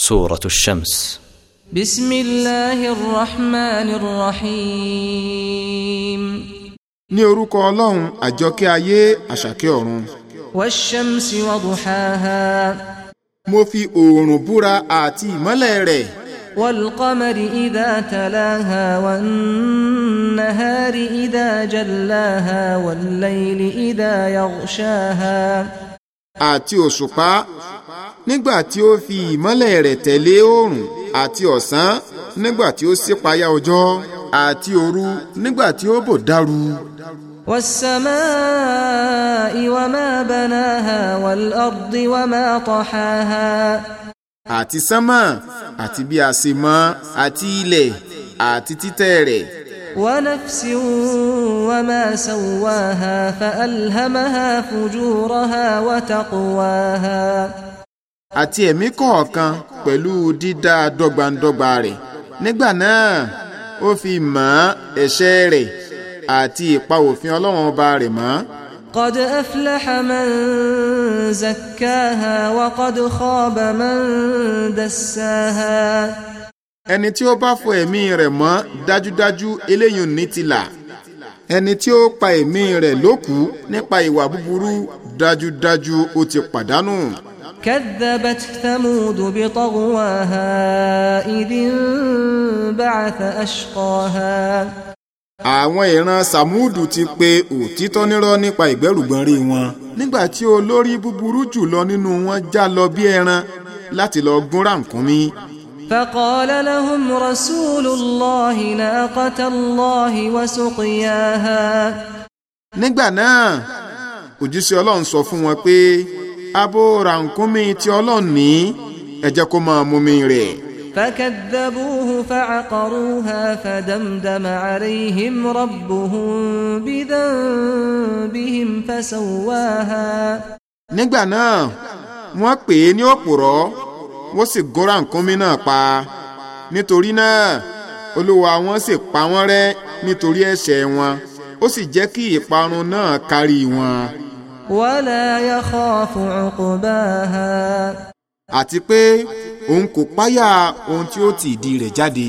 سورة الشمس بسم الله الرحمن الرحيم نيروك اللهم أجوكي أيه أشاكي أورون والشمس وضحاها موفي أورون بورا آتي ملايري والقمر إذا تلاها والنهار إذا جلاها والليل إذا يغشاها àti òṣùpá nígbà tí ó fi ìmọ́lẹ̀ rẹ̀ tẹ̀lé oòrùn àti ọ̀sán nígbà tí ó ṣípayá ọjọ́ àti òru nígbà tí ó bò dáru. والسماء وما بناها والأرض وما طحاها àti sánmà àti bí a ṣe mọ̀ àti ilẹ̀ àti títẹ̀ rẹ̀ ونفس وما سواها فألهمها فجورها وتقواها àti ẹ̀mí kọ̀ọ̀kan pẹ̀lú dídá dọ́gbandọ́gba rẹ̀ nígbà náà ó fi mọ̀ ẹ̀ṣẹ̀ rẹ̀ àti ìpa òfin ọlọ́run ọba rẹ̀ mọ́. قد أفلح من زكاها وقد خاب من دساها ẹni tí ó bá fọ ẹ̀mí rẹ̀ mọ́ dájúdájú eléyìí ní ti là ẹni tí ó pa ẹ̀mí rẹ̀ lókù nípa ìwà búburú dájúdájú ó ti pàdánù. كذبت ثمود بطغواها إذ انبعث أشقاها àwọn ìran samudu ti pe òtítọ́ nírọ́ nípa ìgbẹ́rùgbọ́n rí wọn. nígbà tí olórí búburú jùlọ nínú wọn já lọ bí ẹran láti lọ gún ràkúnmí. فقال لهم رسول الله ناقة الله وسقياها nígbà náà òjíṣẹ́ ọlọ́run sọ fún wọn pé abo rànkúnmí tí ọlọ́run ní ẹ jẹ́ kó máa mumi rẹ̀. فكذبوه فعقروها فدمدم عليهم ربهم بذنبهم فسواها. nígbà náà wọ́n pè é ní òpùrọ́ wọ́n sì gún ràkúnmí náà pa nítorí náà olúwa wọn sì pa wọ́n rẹ́ nítorí ẹ̀ṣẹ̀ wọn ó sì jẹ́ kí ìparun náà kárí wọn. wala yakhafu uqbaha. àti pé òun kò páyà ohun tí ó ti ìdí rẹ̀ jáde.